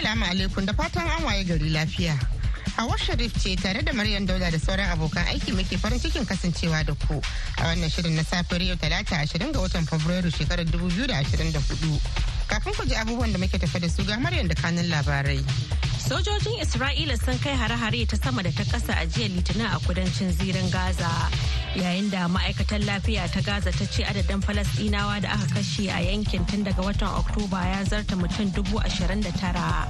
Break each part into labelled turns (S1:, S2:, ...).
S1: Assalamu alaikum da fatan an waye gari lafiya. A Sharif ce tare da Maryam Dauda da sauran abokan aiki muke farin cikin kasancewa da ku a wannan shirin na safiyar yau talata ashirin ga watan Fabrairu shekarar dubu biyu da ashirin da hudu Kafin ku ji abubuwan da muke tafe da su ga Maryam da kanin labarai.
S2: Sojojin Isra'ila sun kai hare-hare ta sama da ta kasa a jiya Litinin a kudancin zirin Gaza. Yayin da ma'aikatan lafiya ta Gaza ta ce adadin Falasɗinawa da aka kashe a yankin tun daga watan Oktoba ya zarta mutum dubu ashirin da tara.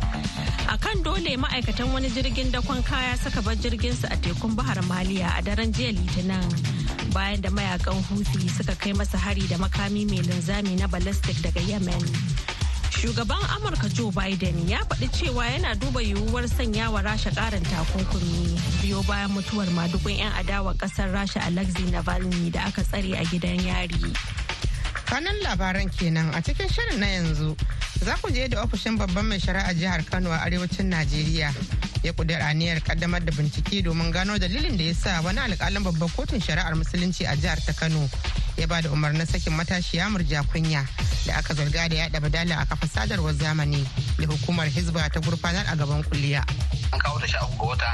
S2: A kan dole ma'aikatan wani jirgin dakon kaya suka bar su a tekun Bahar Maliya a daren jiya Litinin. Bayan da mayakan Houthi suka kai masa hari da makami mai linzami na balastik daga Yemen. Shugaban Amurka Joe Biden ya faɗi cewa yana duba yiwuwar sanya wa Rasha ƙarin takunkumi biyo bayan mutuwar madukun 'yan adawa ƙasar Rasha Alexei Navalny da aka tsare a gidan yari.
S1: kanan labaran kenan a cikin shirin na yanzu za ku je da ofishin babban mai shari'a jihar kano a arewacin najeriya ya kudura aniyar kaddamar da bincike domin gano dalilin da ya sa wani alkalin babban kotun shari'ar musulunci a jihar ta kano ya ba da umarnin sakin matashiya murja kunya da aka zarga da yada badala a kafa sadarwar zamani da hukumar hizba ta gurfanar a gaban kuliya.
S3: an kawo ta sha uku ga wata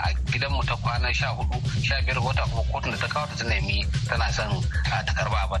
S3: a gidanmu ta kwana sha hudu sha biyar wata kuma kotun da ta kawo ta ta tana son ta karba ba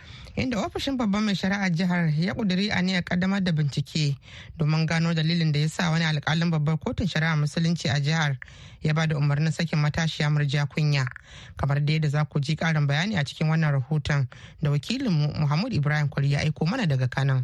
S1: inda ofishin babban mai shari'a jihar ya kuduri aniyar kaddamar da bincike domin gano dalilin da ya sa wani alkalin babbar kotun shari'a musulunci a jihar ya ba da umarnin sakin matashiya murja kunya kamar da yadda za ku ji karin bayani a cikin wannan rahoton da wakilinmu muhammad ibrahim kwari ya aiko mana daga kanan.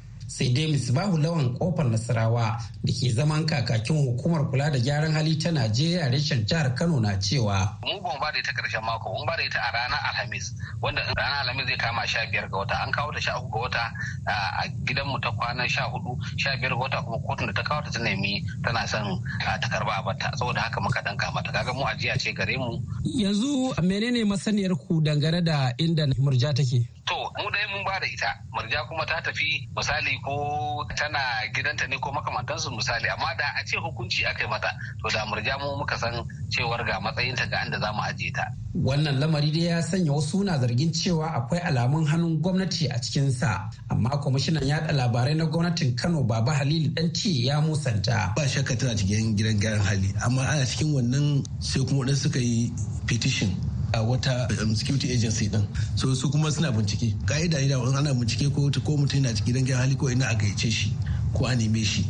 S3: sai dai misbahu lawan kofar nasarawa da ke zaman kakakin hukumar kula da gyaran hali ta najeriya reshen jihar kano na cewa
S4: mu ba ba da ita karshen mako mun ba da ita a ranar alhamis wanda ranar alhamis zai kama sha biyar ga wata an kawo ta sha uku ga wata a gidanmu ta kwanan sha hudu sha biyar ga wata kuma kotun da ta kawo ta ta nemi tana son ta karba a bata saboda haka muka danka mata kaga mu ajiya ce gare mu
S3: yanzu menene masaniyar ku dangane da inda murja take to mu dai mun ba da ita murja kuma ta tafi misali ko
S4: tana gidanta ne ko makamantansu misali amma da a ce hukunci aka yi mata to da murja mu muka san cewar ga matsayinta ga inda zamu mu ajiye ta.
S3: Wannan lamari dai ya sanya wasu na zargin cewa akwai alamun hannun gwamnati a cikinsa amma kwamishinan yada labarai na gwamnatin Kano Baba Halilu dan ya musanta. Ba shakka tana cikin gidan gyaran hali amma ana cikin wannan sai
S5: kuma wadansu suka yi petition a wata um, security agency din so su kuma suna bincike ka'ida ne da wani ana bincike ko mutum yana cikin gidan hali ko ina a gaice shi ko a neme shi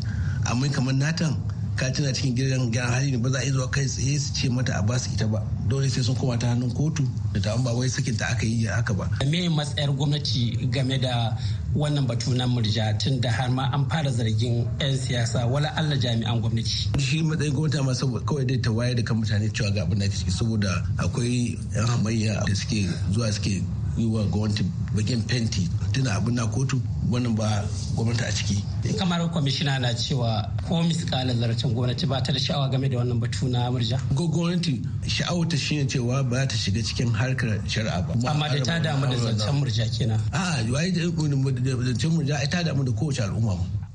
S5: amma kamar natan ka tuna cikin gidan gidan hali ne ba za a zuwa kai tsaye su ce mata
S3: a basu ita ba dole sai sun koma ta hannun kotu da ta ba wai sakin ta aka yi haka ba me matsayar
S6: gwamnati
S3: game da wannan batu na murja tun da har ma an fara zargin 'yan siyasa wala Allah jami'an gwamnati. Shi matsayin gwamnati ma saboda kawai dai ta wayar da kan mutane cewa
S5: ga abin da ciki saboda akwai 'yan hamayya da suke zuwa suke yi wa gwamnati
S3: bakin fenti tuna abin na kotu wannan ba gwamnati a ciki. kamar kwamishina na cewa ko miskalin zarafin gwamnati ba ta da sha'awa game da wannan batu na murja. ko gwamnati sha'awar ta shine cewa ba ta shiga cikin harkar shari'a ba. amma da ta damu da zancen murja kenan. a zancen murja ta damu da kowace al'umma mu.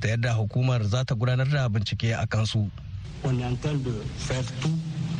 S7: ta yadda hukumar za ta gudanar da bincike a kansu.
S8: On est en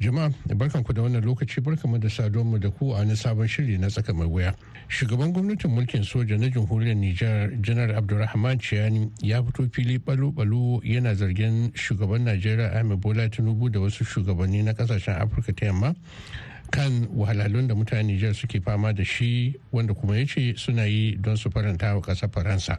S6: Jama'a barkanku da wannan lokaci barkanmu da mu da ku a na sabon shiri na tsaka mai wuya. Shugaban gwamnatin mulkin soja na jamhuriyar Nijar Janar Abdulrahman Ciyani ya fito fili balo-balo yana zargin shugaban Najeriya Ahmed Bola Tinubu da wasu shugabanni na kasashen Afirka ta yamma kan wahalhalun da mutane Nijar suke fama da shi wanda kuma ya ce suna yi don su faranta wa ƙasar Faransa.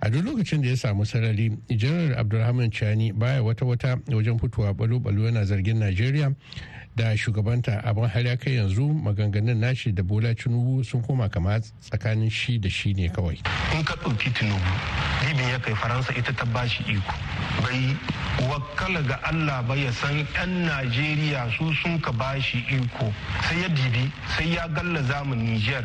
S6: a duk lokacin da ya samu sarari janar abdulrahman chani baya wata wata wajen fitowa balo-balo yana zargin nigeria da shugabanta abin har ya kai yanzu maganganun nashi da bola tinubu sun koma kama tsakanin shi da shi ne kawai in ka ɗauki tinubu
S5: libin ya kai faransa ita ta ba shi iko bai wakala ga allah ba ya san yan najeriya su sun ka ba shi iko sai ya dibi sai ya galla zamu niger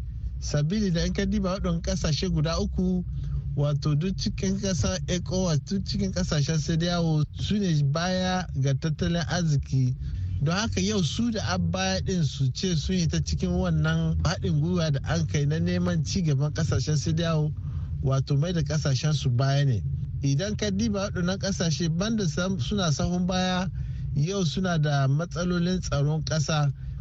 S9: sabili da yan ka diba waɗon kasashe guda uku wato duk cikin ƙasa ecowas duk cikin ƙasashen sai su ne baya ga tattalin arziki don haka yau su da baya din su ce sun yi ta cikin wannan haɗin gwiwa da an kai na neman ci gaban ƙasashen sai wato mai da ƙasashen su baya ne idan ka diba waɗannan ƙasashe banda suna sahun baya yau suna da matsalolin tsaron ƙasa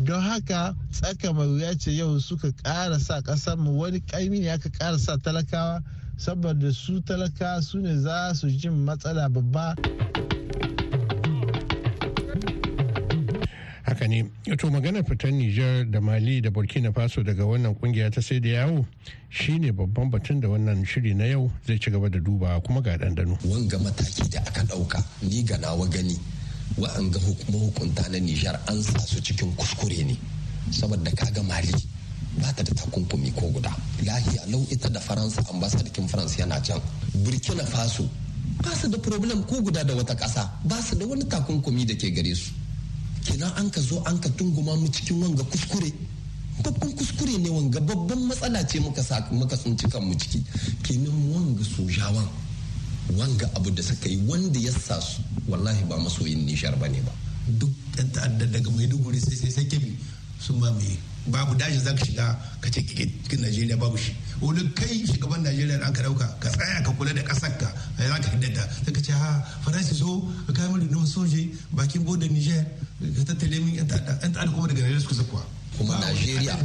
S9: don haka tsaka mai wuya ce yau suka kara sa kasar mu wani ƙaimi ne aka ƙara sa talakawa saboda su talaka su ne za su jin matsala babba
S6: haka ne to maganar fitar niger da mali da burkina faso daga wannan kungiya ta sai da yawo shine babban batun da wannan shiri na yau zai ci gaba da dubawa kuma ga dandano. wanga mataki da aka ɗauka ni ga nawa
S4: gani wa'anga hukunta na nijar an sa su cikin kuskure ne saboda kaga mali ba ta da takunkumi ko guda lahiya lau ita da faransa ambasadakin faransa yana can burkina faso ba su da problem ko guda da wata kasa ba su da wani takunkumi da ke gare su kina an ka zo an ka tunguma mu cikin wanga kuskure babban kuskure ne wanga babban matsala ce muka muka sun cika mu ciki kenan wanga sojawan wanga abu da suka yi wanda ya sa su wallahi ba masoyin nishar ba ne ba
S5: duk ɗan ta'adda daga maiduguri sai sai sai kebi sun ba mai babu dajin za ka shiga ka ce cikin najeriya babu shi wani kai shugaban najeriya da aka dauka ka tsaya ka kula da kasar ka a za ka hiddata sai ka ce ha ah, faransa so ka kai mari nawa soje bakin bodin niger ka tattale min yan ta'adda kuma daga najeriya suka kuwa kuma Najeriya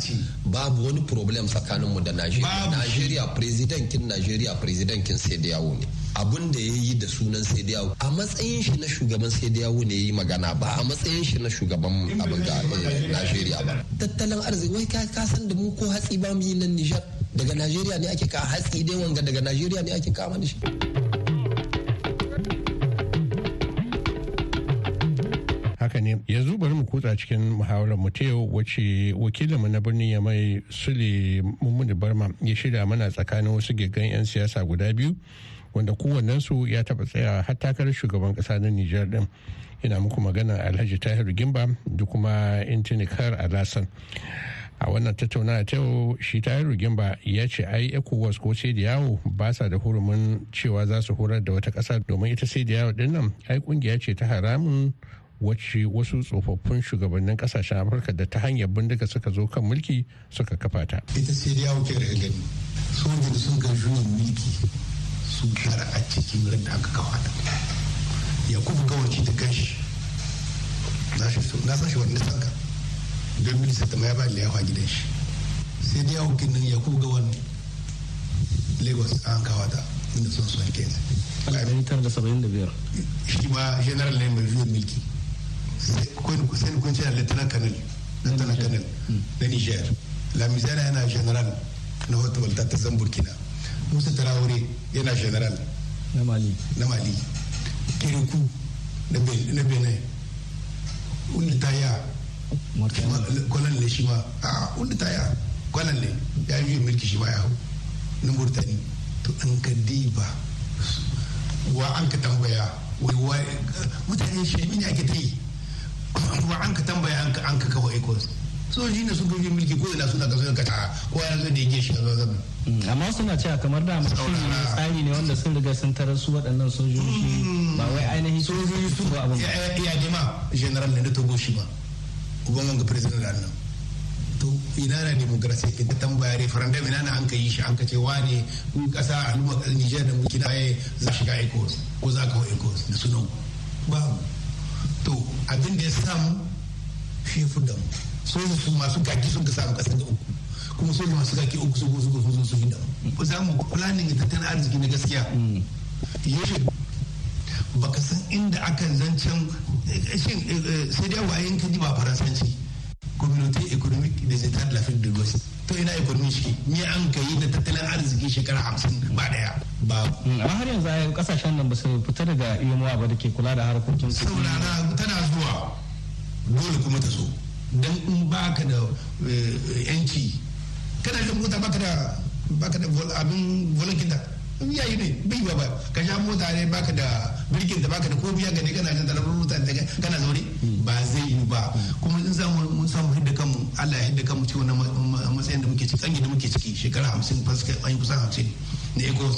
S4: babu wani problem tsakaninmu da Najeriya. Najeriya presidentin Najeriya presidentin sai da yawo ne. abun da ya yi da sunan sai da yawo a matsayin shi na shugaban sai da yawo ne ya yi magana ba a matsayin shi na shugaban abin da eh, najeriya ba tattalin arziki wai ka san da mu ko hatsi ba mu yi nan nijar daga najeriya ne ake ka hatsi dai wanga daga najeriya ne ake kama da shi
S6: haka ne yanzu bari mu kutsa cikin muhawarar mu ta yau wacce mu na birnin ya mai sule mummuni barma ya shirya mana tsakanin wasu gigan 'yan siyasa guda biyu wanda kowannensu ya taɓa tsaya har takarar shugaban ƙasa na Nijar ɗin. Ina muku magana Alhaji Tahiru Gimba da kuma Intinikar Alasan. a wannan tattaunawa ta yau shi tahiru gimba ya ce ai ecowas ko yawo ba sa da hurumin cewa za su horar da wata kasa domin ita yawo din nan ai kungiya ce ta haramun wacce wasu tsofaffin shugabannin kasashen afirka da ta hanyar bindiga suka zo kan mulki suka kafa ta ita yawo ke da gani sojin sun ga mulki
S5: su biyar a cikin da aka kawata ya kuma gawaci da gashi na shi wanda saka don minista ta ma ya ba ya yawa gidan shi sai dai yawon kinnan ya kuma gawan lagos an kawata inda son son kenan.
S8: Alƙalari tara da saba'in da biyar.
S5: Shi ma general ne mai zuwa milki. Sai ni kunce na lieutenant colonel. Lieutenant colonel na Niger. Lamizana yana general na hotel ta zan Burkina. musa tarawore yana general na mali kiriku na benin wanda ta a kwanan ne shi ma a wanda ta a kwanan ne ya yi mulki shi ma ya na murtani to an ka diba wa an ka tambaya mutane shi ne ake ta yi wa an ka tambaya an ka kawai ecos sojoji ne sun
S8: kai mulki ko ina suna kasar kata ko ya zai da yake shi zama. Mm, amma suna cewa kamar da masu. shi ne tsari ne wanda sun riga sun tarar su waɗannan sojoji mm. ba wai ainihin sojoji su ba abin ya ne ma general ne na togo shi ba ubangu ga president da annan
S5: to ina na demokrasi ke ta tambaya referendum ina na an ka yi shi an ka ce wane kun kasa al'umma kasar Nijar da muke da za shiga ecos ko za ka hau ecos da sunan ba to abin da ya samu shi ya fi damu su masu kaki sun ka samu kasa da uku kuma sojoji masu kaki uku su gusu gusu su hidda ku samu planning tattalin arziki na gaskiya mm. yaushe baka san inda akan zancen eh, shin eh, eh, sai dai wayan kaji ba faransanci community economic des états de l'Afrique de l'Ouest to ina economy shi Ni an kai da tattalin arziki shekara hamsin ba
S8: daya ba mm, amma har yanzu ayan kasashen nan ba su fita daga iyamuwa ba da ke kula da harkokin saurara
S5: tana zuwa
S8: dole kuma ta zo don in ba
S5: ka da eh, yanki kana da mota ba ka da ba ka da abin volunteer da yi ne bai ba ba ka sha mota ne ba ka da birkin da ka da ko biya gani kana jin talabar mota da kana zaure ba zai yi ba kuma in za mu samu hidda kanmu Allah ya hidda kanmu cikin wannan matsayin da muke ciki tsangi da muke ciki shekara 50 fasika an yi kusan 50 na ecos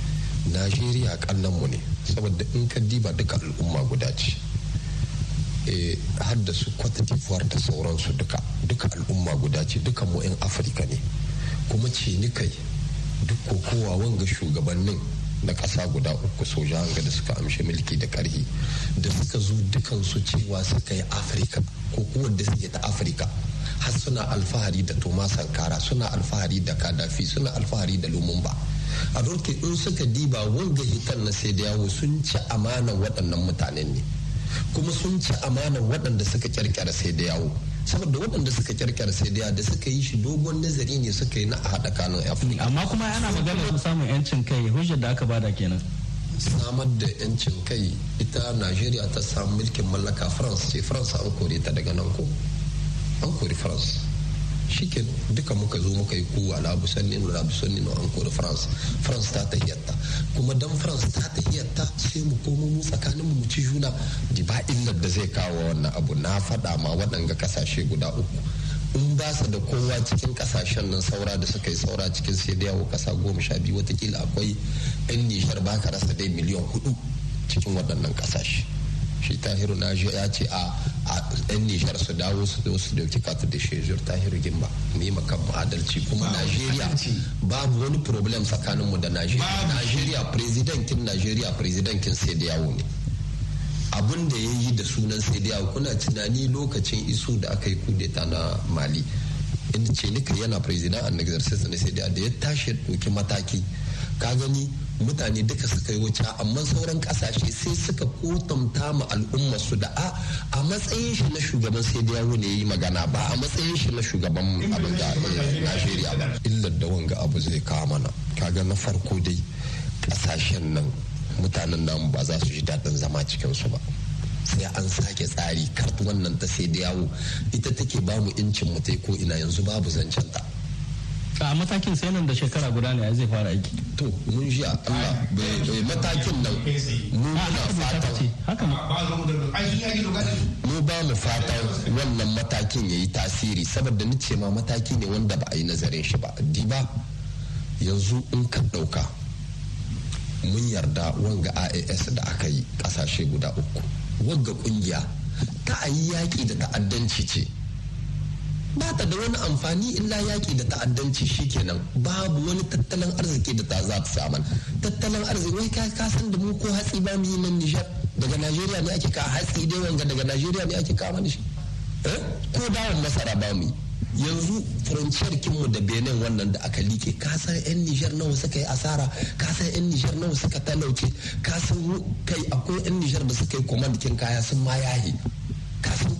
S4: najeriya kannan mu ne saboda in ka diba duka al'umma guda ce eh, har da su d'Ivoire da sauransu duka duka al'umma guda ce duka mu 'yan afirka ne kuma ce ni kai duk kokowa wanga shugabannin na ƙasa guda uku soja hanga da suka amshi mulki da ƙarhi da suka zo dukansu cewa suka yi afirka ko kuma da suke ta afirka har suna alfahari da toma sankara suna alfahari da kadafi suna alfahari da lumumba a ke in suka diba wanga hitan na sai da yawo sun ci amanan waɗannan mutanen ne kuma sun ci amanan waɗanda suka kyarkyara sai da yawo saboda waɗanda suka kyarkyara sai da da suka yi shi dogon nazari ne suka yi na a haɗa kanun afirka amma kuma yana magana
S8: samun yancin kai
S4: hujjar da aka bada kenan samar da yancin kai ita najeriya ta samu mulkin mallaka france ce france an kore ta daga nan ko an kori france shikin duka muka zo muka yi kowa sanni na abu sanni na anko da France France ta tayyata kuma dan France ta tayyata sai mu komo mu tsakanin mu ci juna ba illar da zai kawo wannan abu na faɗa ma waɗanga kasashe guda uku in ba su da kowa cikin kasashen nan saura da suka yi saura cikin sai da yawo kasa goma sha biyu watakila akwai 'yan nishar baka rasa dai miliyan hudu cikin waɗannan kasashe shi tahiru na ya ce a yan nishar su dawo su zo su dauki katu da zuwa tahiru gimba mu yi makan adalci kuma najeriya babu wani problem tsakaninmu da najeriya najeriya presidentin najeriya presidentin sai da yawo ne abin da ya yi da sunan sai da yawo kuna tunani lokacin iso da aka yi kudeta na mali in ce nika yana president an exercise na sai da ya tashi ya ɗauki mataki ka gani mutane duka suka yi wuce amma sauran kasashe sai suka kotamta ma al'umma su da a a matsayin shi na shugaban sai da yawo ne yi magana ba a matsayin shi na shugaban abin da Najeriya ba illar da wanga abu zai kawo mana kaga na farko dai kasashen nan mutanen namu ba za su ji daɗin zama cikin su ba sai an sake tsari kar wannan ta sai da yawo ita take ba mu incin mu ko ina yanzu
S8: babu zancen ta a matakin sai nan da shekara guda ne zai fara aiki to mun ji Allah bai matakin nan mu na fatan
S4: mu ba mu fatan wannan matakin yayi tasiri saboda ni ce ma mataki ne wanda ba a yi nazarin shi ba diba yanzu in ka dauka mun yarda wanga S da aka yi kasashe guda uku wanga kungiya ta ayi yaki da ta'addanci ce ba ta da wani amfani illa yaƙi da ta'addanci shi kenan babu wani tattalin arziki da ta za ta samu tattalin arziki wai ka san da mu ko hatsi ba mu yi nan nishar daga najeriya ne ake ka hatsi dai wanga daga najeriya ne ake kama nishi eh? ko dawon masara ba mu yanzu furanciyar kinmu da benin wannan da aka like kasan yan nishar nawa suka yi asara kasan yan nishar nawa suka talauce kasan kai akwai yan nishar da suka yi command kin kaya sun ma yahi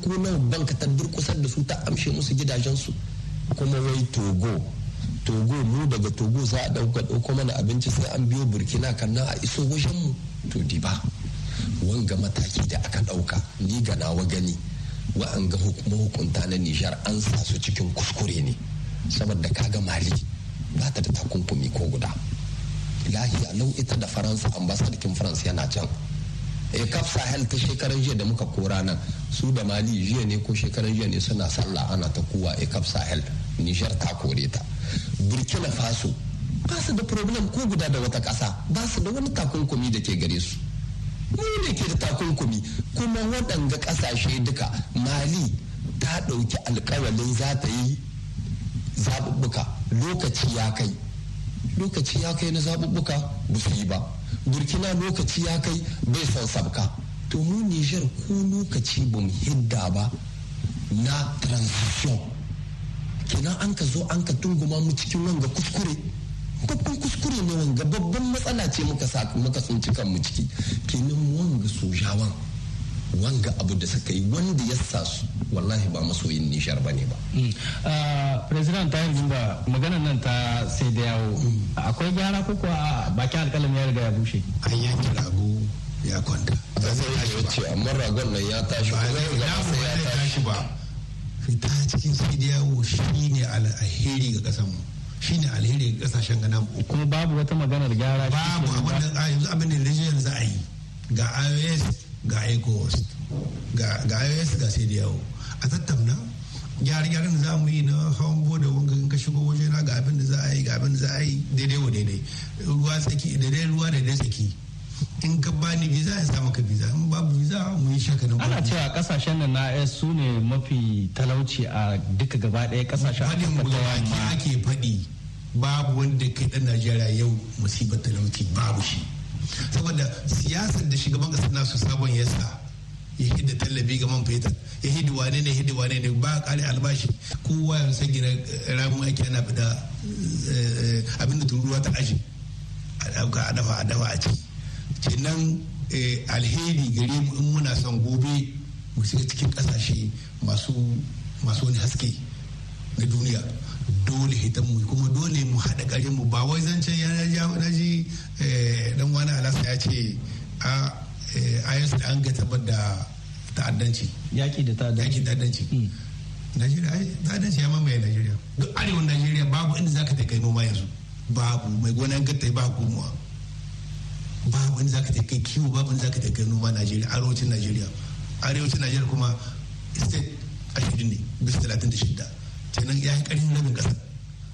S4: ko nan banka ta durkusar da su ta amshe musu gidajensu kuma wai togo togo mu daga togo za a dauka dauko mana abinci sai an biyo burkina na a iso wajen mu to di ba wanga mataki da aka dauka ni ga nawa gani an wa'anga hukunta na nijar an sa su cikin kuskure ne saboda kaga mali ba ta da takunkumi ko guda lahiya lau da faransa ambasadakin faransa yana can e eh, kaf sahel ta shekarar jiya da muka kora nan su da mali jiya ne ko shekaran jiya ne suna sallah ana ta kowa e eh, kaf sahel nijar ta kore ta burkina faso ba su da problem ko guda da wata kasa ba su da wani takunkumi da ke gare su mu ne ke da takunkumi kuma waɗanga ƙasashe duka mali ta ɗauki alkawalin za ta yi zaɓuɓɓuka lokaci ya kai lokaci ya kai na zaɓuɓɓuka ba su ba burkina lokaci ya kai bai son sabka to mu nijar ko lokaci ba mu hidda ba na transition kina an ka zo an ka tunguma mu cikin wanga kuskure babban kuskure ne wanga babban matsala ce muka sun cikan mu ciki kenan wanga sojawan wanga abu da suka yi wanda ya sa su wallahi ba masoyin nishar ba ne ba.
S8: Mm. Ah, president ta yi ba magana nan ta sai da yawo mm. akwai gyara kuku a ah, bakin alkalin ya riga ya bushe.
S5: an yanke rago ya kwanta. ba zai yi ba amma ragon nan ya tashi ba zai ya tashi ba. fita cikin sai da yawo shi ne alheri ga mu shi ne alheri ga kasashen gana uku. kuma babu wata maganar gyara. babu ne da yanzu abin da yanzu a yi ga ios ga ecowas ga ios ga sai da yawo a tattauna gyare gyare da za mu yi na hawan boda wanga in ka shigo waje na ga abin da za a yi ga abin da za a yi daidai wa daidai ruwa tsaki daidai ruwa daidai tsaki in ka bani visa ya samu ka visa in babu visa mu yi shaka na ana cewa
S8: kasashen da na AS su ne mafi talauci a duka gaba ɗaya kasashen hadin bulawaki ake
S5: faɗi babu wanda kai dan Najeriya yau musibar talauci babu shi saboda siyasar da shugaban kasa na su sabon yasa ya hidda tallafi ga man fetur ya hidda wane ne hidda wane ne ba kare albashi kowa ya san gina ramin aiki ana fita eh, abin da turuwa ta aji a dauka a dafa a dafa a ci kenan eh, alheri gare mu in muna son gobe mu shiga cikin kasashe masu wani haske na duniya dole hitan mu kuma dole mu haɗa ƙarin mu ba wai zancen na ji eh, dan wani alasa ya ce a ayyansu eh, da an ga tabbar da
S8: ta'addanci yaƙi da
S5: ta'addanci hmm. Najeriya ta'addanci ya mamaye Najeriya duk arewa Najeriya babu inda ka ta kai noma yanzu babu mai gonan gata ba gomuwa babu inda ka ta kai kiwo babu inda ka ta kai noma Najeriya arewacin Najeriya arewacin Najeriya kuma state ashirin ne bisa talatin da shidda kenan ya yi ƙarfin rabin ƙasa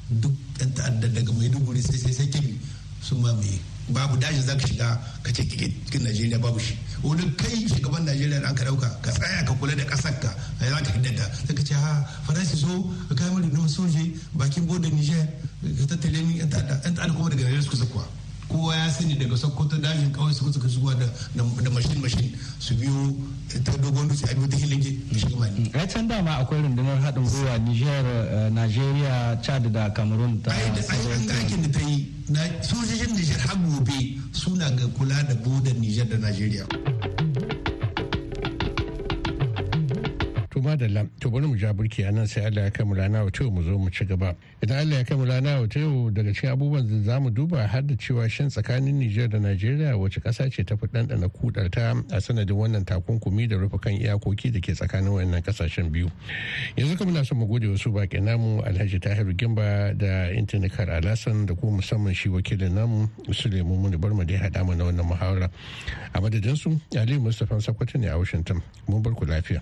S5: duk ɗan ta'addar daga mai maiduguri sai sai sai kiri sun mamaye babu dajin za ka shiga ka ce kikin najeriya babu shi wani kai shugaban najeriya da an ka dauka ka tsaya ka kula da ƙasar ka ya za ka da sai ka ce ha faransi so ka kai mari na soje bakin bodin niger ka tattale ni yan ta'adda kuma daga najeriya suka zakuwa kowa ya sani daga sokoto dajin kawai su suka zuwa da mashin mashin su biyo ta dogon dutse a biyo ta hilinge da shiga mali.
S8: Mm. dama akwai rundunar haɗin gwiwa niger eh, nigeria chad da cameroon ta an ga aikin da
S5: ta yi sojojin niger har gobe suna ga kula da bodar niger da nigeria.
S6: madalla to bari mu ja burki a nan sai Allah ya kai mu rana wa mu zo mu ci gaba idan Allah ya kai mu rana wa yau daga cikin abubuwan da za mu duba har da cewa shin tsakanin Nijar da Najeriya wace ƙasa ce ta fi ɗanɗana kudar ta a sanadin wannan takunkumi da rufe kan iyakoki da ke tsakanin wannan ƙasashen biyu yanzu kuma muna son mu gode wasu baƙi namu Alhaji Tahiru Gimba da Intinikar Alasan da kuma musamman shi wakilin namu Sulemu Mumuni Barma da ya haɗa mana wannan muhawara a madadinsu Aliyu Mustapha Sakwato ne a Washington mun bar ku lafiya.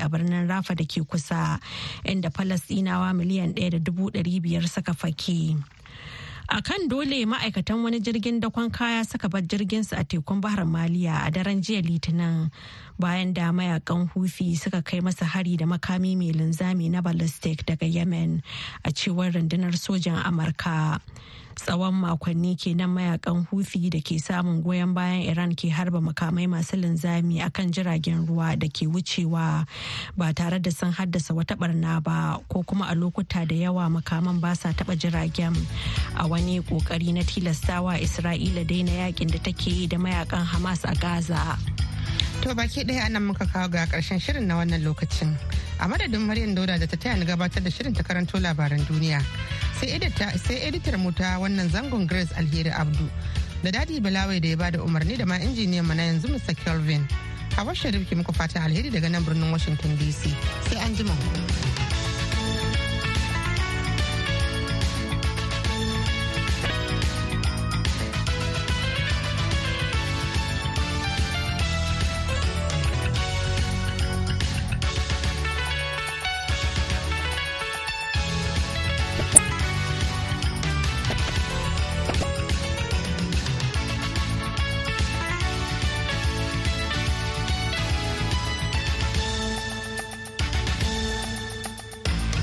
S2: a birnin rafa da ke kusa inda falasɗinawa miliyan ɗaya da dubu ɗari biyar suka fake a kan dole ma'aikatan wani jirgin dakon kaya suka bar jirginsu a tekun bahar maliya a daren jiya litinin bayan da mayakan hufi suka kai masa hari da makami mai linzami na ballistic daga yemen a cewar rundunar sojan amurka tsawon makonni kenan mayakan hufi da ke samun goyon bayan iran ke harba makamai masu linzami a kan jiragen ruwa da ke wucewa ba tare da sun haddasa wata barna ba ko kuma a lokuta da yawa makaman ba sa taba jiragen a wani kokari na tilastawa isra'ila daina yakin da take yi da mayakan hamas a gaza To baki
S1: ɗaya anan muka kawo ga karshen shirin na wannan lokacin. A madadin Maryam Dauda da ta taya ni gabatar da shirin ta karanto labaran duniya. Sai editar mu ta wannan zangon Grace Alheri Abdu. Da Dadi Balawai da ya bada umarni da ma injiniyan mu na yanzu Mr. Kelvin. Hawa Sharif ke muku fatan alheri daga nan birnin Washington DC. Sai an jima.